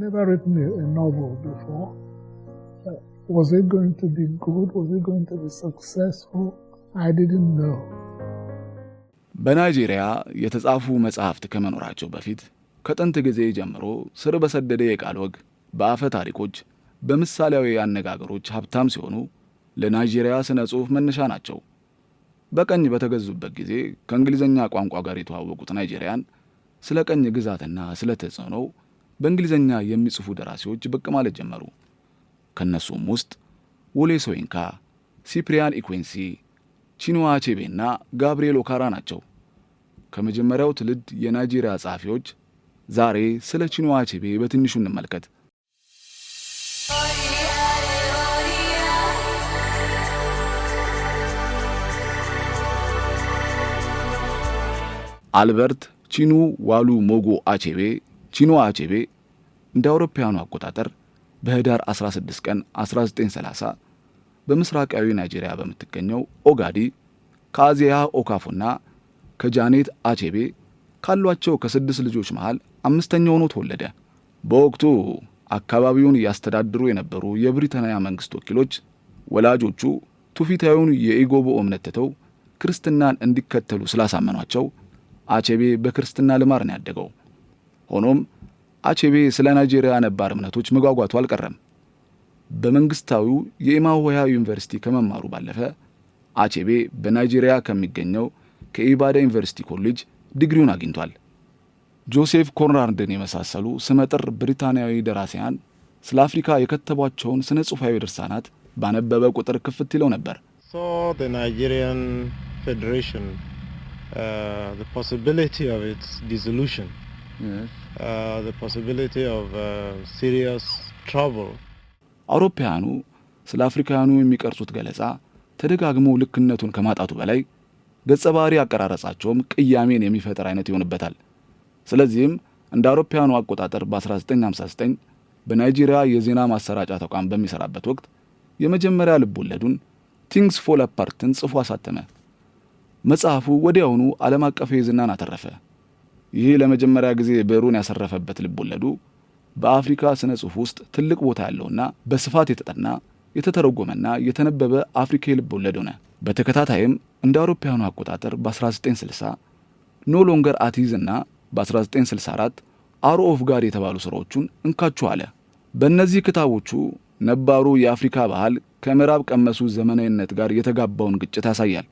never written a, a novel before. Uh, was it going to be good? Was it going to be successful? I didn't know. በናይጄሪያ የተጻፉ መጽሐፍት ከመኖራቸው በፊት ከጥንት ጊዜ ጀምሮ ስር በሰደደ የቃል ወግ በአፈ ታሪኮች፣ በምሳሌያዊ አነጋገሮች ሀብታም ሲሆኑ ለናይጄሪያ ስነ ጽሑፍ መነሻ ናቸው። በቀኝ በተገዙበት ጊዜ ከእንግሊዝኛ ቋንቋ ጋር የተዋወቁት ናይጄሪያን ስለ ቀኝ ግዛትና ስለ ተጽዕኖው በእንግሊዝኛ የሚጽፉ ደራሲዎች ብቅ ማለት ጀመሩ። ከእነሱም ውስጥ ወሌ ሶይንካ፣ ሲፕሪያን ኢኩዌንሲ፣ ቺንዋ እና ጋብርኤል ኦካራ ናቸው። ከመጀመሪያው ትውልድ የናይጄሪያ ጸሐፊዎች ዛሬ ስለ ቺኑዋ አቼቤ በትንሹ እንመልከት። አልበርት ቺኑ ዋሉ ሞጎ አቼቤ ቺኖ አቼቤ እንደ አውሮፓውያኑ አቆጣጠር በህዳር 16 ቀን 1930 በምስራቃዊ ናይጄሪያ በምትገኘው ኦጋዲ ከአዚያ ኦካፎና ከጃኔት አቼቤ ካሏቸው ከስድስት ልጆች መሃል አምስተኛው ሆኖ ተወለደ። በወቅቱ አካባቢውን እያስተዳድሩ የነበሩ የብሪታንያ መንግስት ወኪሎች ወላጆቹ ትውፊታዊውን የኢጎቦ እምነት ትተው ክርስትናን እንዲከተሉ ስላሳመኗቸው አቼቤ በክርስትና ልማር ነው ያደገው። ሆኖም አቼቤ ስለ ናይጄሪያ ነባር እምነቶች መጓጓቱ አልቀረም። በመንግስታዊው የኢማሆያ ዩኒቨርሲቲ ከመማሩ ባለፈ አቼቤ በናይጄሪያ ከሚገኘው ከኢባዳ ዩኒቨርሲቲ ኮሌጅ ዲግሪውን አግኝቷል። ጆሴፍ ኮንራድን የመሳሰሉ ስመጥር ብሪታንያዊ ደራሲያን ስለ አፍሪካ የከተቧቸውን ስነ ጽሑፋዊ ድርሳናት ባነበበ ቁጥር ክፍት ይለው ነበር። ናይጄሪያን ፌዴሬሽን Uh, uh, አውሮፓውያኑ ስለ አፍሪካውያኑ የሚቀርጹት ገለጻ ተደጋግሞ ልክነቱን ከማጣቱ በላይ ገጸ ባህሪ አቀራረጻቸውም ቅያሜን የሚፈጥር አይነት ይሆንበታል። ስለዚህም እንደ አውሮፓውያኑ አቆጣጠር በ1959 በናይጄሪያ የዜና ማሰራጫ ተቋም በሚሰራበት ወቅት የመጀመሪያ ልብ ወለዱን ቲንግስ ፎል አፓርትን ጽፎ አሳተመ። መጽሐፉ ወዲያውኑ ዓለም አቀፍ ዝናን አተረፈ። ይህ ለመጀመሪያ ጊዜ ብዕሩን ያሰረፈበት ልቦለዱ በአፍሪካ ስነ ጽሑፍ ውስጥ ትልቅ ቦታ ያለውና በስፋት የተጠና የተተረጎመና የተነበበ አፍሪካ ልቦለድ ሆነ። በተከታታይም እንደ አውሮፓውያኑ አቆጣጠር በ1960 ኖ ሎንገር አቲዝ እና በ1964 አሮ ኦፍ ጋድ የተባሉ ሥራዎቹን እንካችሁ አለ። በእነዚህ ክታቦቹ ነባሩ የአፍሪካ ባህል ከምዕራብ ቀመሱ ዘመናዊነት ጋር የተጋባውን ግጭት ያሳያል።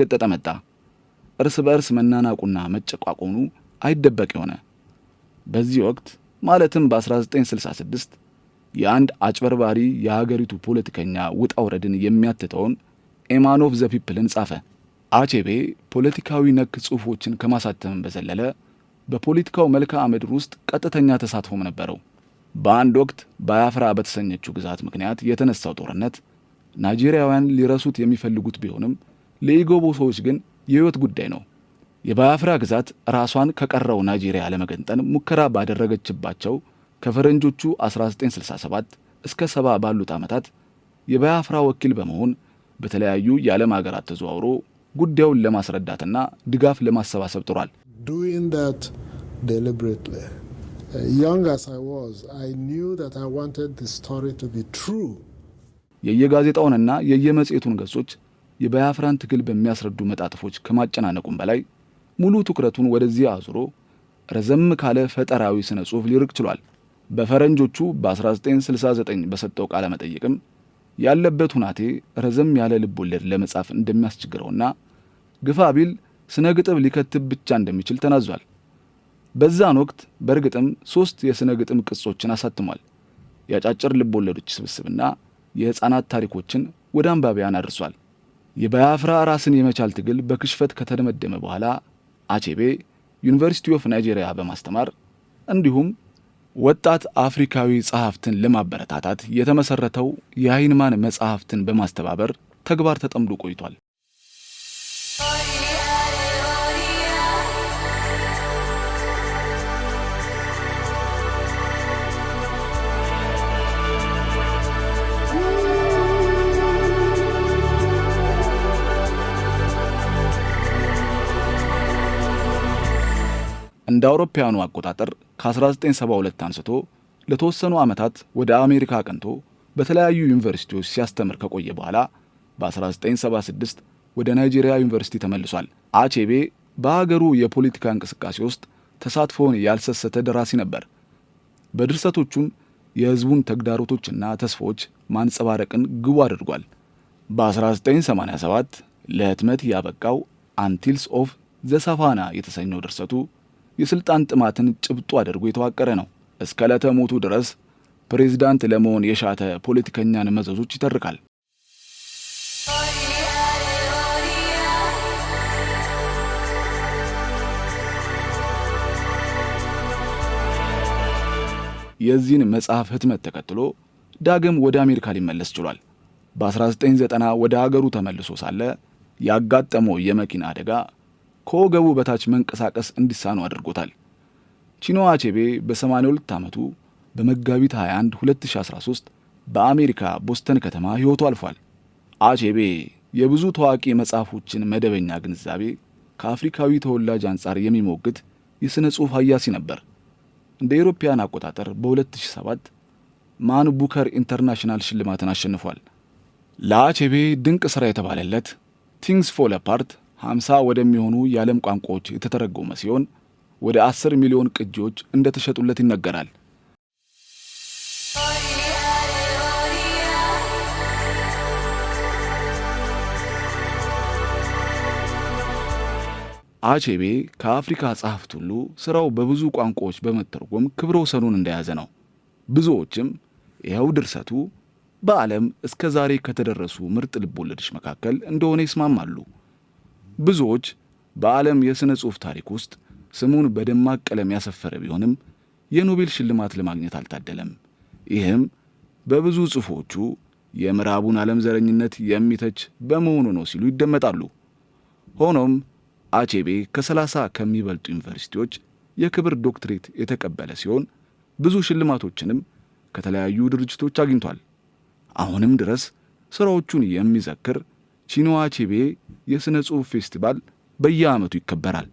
ገጠጠ መጣ። እርስ በእርስ መናናቁና መጨቋቆኑ አይደበቅ የሆነ በዚህ ወቅት ማለትም በ1966 የአንድ አጭበርባሪ የሀገሪቱ ፖለቲከኛ ውጣ ውረድን የሚያትተውን ኤማኖቭ ዘፒፕልን ጻፈ። አቼቤ ፖለቲካዊ ነክ ጽሑፎችን ከማሳተም በዘለለ በፖለቲካው መልክዓ ምድር ውስጥ ቀጥተኛ ተሳትፎም ነበረው። በአንድ ወቅት ባያፍራ በተሰኘችው ግዛት ምክንያት የተነሳው ጦርነት ናይጄሪያውያን ሊረሱት የሚፈልጉት ቢሆንም ለኢጎቦ ሰዎች ግን የህይወት ጉዳይ ነው። የባያፍራ ግዛት ራሷን ከቀረው ናይጄሪያ ለመገንጠን ሙከራ ባደረገችባቸው ከፈረንጆቹ 1967 እስከ 70 ባሉት ዓመታት የባያፍራ ወኪል በመሆን በተለያዩ የዓለም ሀገራት ተዘዋውሮ ጉዳዩን ለማስረዳትና ድጋፍ ለማሰባሰብ ጥሯል። uh, የየጋዜጣውንና የየመጽሔቱን ገጾች የባያፍራን ትግል በሚያስረዱ መጣጥፎች ከማጨናነቁም በላይ ሙሉ ትኩረቱን ወደዚህ አዙሮ ረዘም ካለ ፈጠራዊ ስነ ጽሑፍ ሊርቅ ችሏል። በፈረንጆቹ በ1969 በሰጠው ቃለ መጠይቅም ያለበት ሁናቴ ረዘም ያለ ልቦለድ ለመጻፍ እንደሚያስቸግረውና ግፋ ቢል ስነ ግጥም ሊከትብ ብቻ እንደሚችል ተናዟል። በዛን ወቅት በእርግጥም ሦስት የሥነ ግጥም ቅጾችን አሳትሟል። የአጫጭር ልቦለዶች ስብስብና የሕፃናት ታሪኮችን ወደ አንባቢያን አድርሷል። የባያፍራ ራስን የመቻል ትግል በክሽፈት ከተደመደመ በኋላ አቼቤ ዩኒቨርሲቲ ኦፍ ናይጄሪያ በማስተማር እንዲሁም ወጣት አፍሪካዊ ጸሐፍትን ለማበረታታት የተመሠረተው የሃይንማን መጽሐፍትን በማስተባበር ተግባር ተጠምዶ ቆይቷል። እንደ አውሮፓውያኑ አቆጣጠር ከ1972 አንስቶ ለተወሰኑ ዓመታት ወደ አሜሪካ አቅንቶ በተለያዩ ዩኒቨርሲቲዎች ሲያስተምር ከቆየ በኋላ በ1976 ወደ ናይጄሪያ ዩኒቨርሲቲ ተመልሷል። አቼቤ በአገሩ የፖለቲካ እንቅስቃሴ ውስጥ ተሳትፎውን ያልሰሰተ ደራሲ ነበር። በድርሰቶቹም የሕዝቡን ተግዳሮቶችና ተስፋዎች ማንጸባረቅን ግቡ አድርጓል። በ1987 ለህትመት ያበቃው አንቲልስ ኦፍ ዘሳፋና የተሰኘው ድርሰቱ የሥልጣን ጥማትን ጭብጡ አድርጎ የተዋቀረ ነው። እስከ ዕለተ ሞቱ ድረስ ፕሬዝዳንት ለመሆን የሻተ ፖለቲከኛን መዘዞች ይተርካል። የዚህን መጽሐፍ ህትመት ተከትሎ ዳግም ወደ አሜሪካ ሊመለስ ችሏል። በ1990 ወደ አገሩ ተመልሶ ሳለ ያጋጠመው የመኪና አደጋ ከወገቡ በታች መንቀሳቀስ እንዲሳነው አድርጎታል። ቺኖ አቼቤ በ82 ዓመቱ በመጋቢት 21 2013 በአሜሪካ ቦስተን ከተማ ሕይወቱ አልፏል። አቼቤ የብዙ ታዋቂ መጽሐፎችን መደበኛ ግንዛቤ ከአፍሪካዊ ተወላጅ አንጻር የሚሞግት የሥነ ጽሑፍ አያሲ ነበር። እንደ አውሮፓውያን አቆጣጠር በ2007 ማን ቡከር ኢንተርናሽናል ሽልማትን አሸንፏል። ለአቼቤ ድንቅ ሥራ የተባለለት ቲንግስ ፎል አፓርት 50 ወደሚሆኑ የዓለም ቋንቋዎች የተተረጎመ ሲሆን ወደ 10 ሚሊዮን ቅጂዎች እንደተሸጡለት ይነገራል። አቼቤ ከአፍሪካ ጸሐፍት ሁሉ ሥራው በብዙ ቋንቋዎች በመተርጎም ክብረ ወሰኑን እንደያዘ ነው። ብዙዎችም ይኸው ድርሰቱ በዓለም እስከ ዛሬ ከተደረሱ ምርጥ ልቦለዶች መካከል እንደሆነ ይስማማሉ። ብዙዎች በዓለም የሥነ ጽሑፍ ታሪክ ውስጥ ስሙን በደማቅ ቀለም ያሰፈረ ቢሆንም የኖቤል ሽልማት ለማግኘት አልታደለም። ይህም በብዙ ጽሑፎቹ የምዕራቡን ዓለም ዘረኝነት የሚተች በመሆኑ ነው ሲሉ ይደመጣሉ። ሆኖም አቼቤ ከ ከሚበልጡ ዩኒቨርሲቲዎች የክብር ዶክትሬት የተቀበለ ሲሆን ብዙ ሽልማቶችንም ከተለያዩ ድርጅቶች አግኝቷል። አሁንም ድረስ ሥራዎቹን የሚዘክር ቺኖ አቼቤ የሥነ ጽሑፍ ፌስቲቫል በየዓመቱ ይከበራል።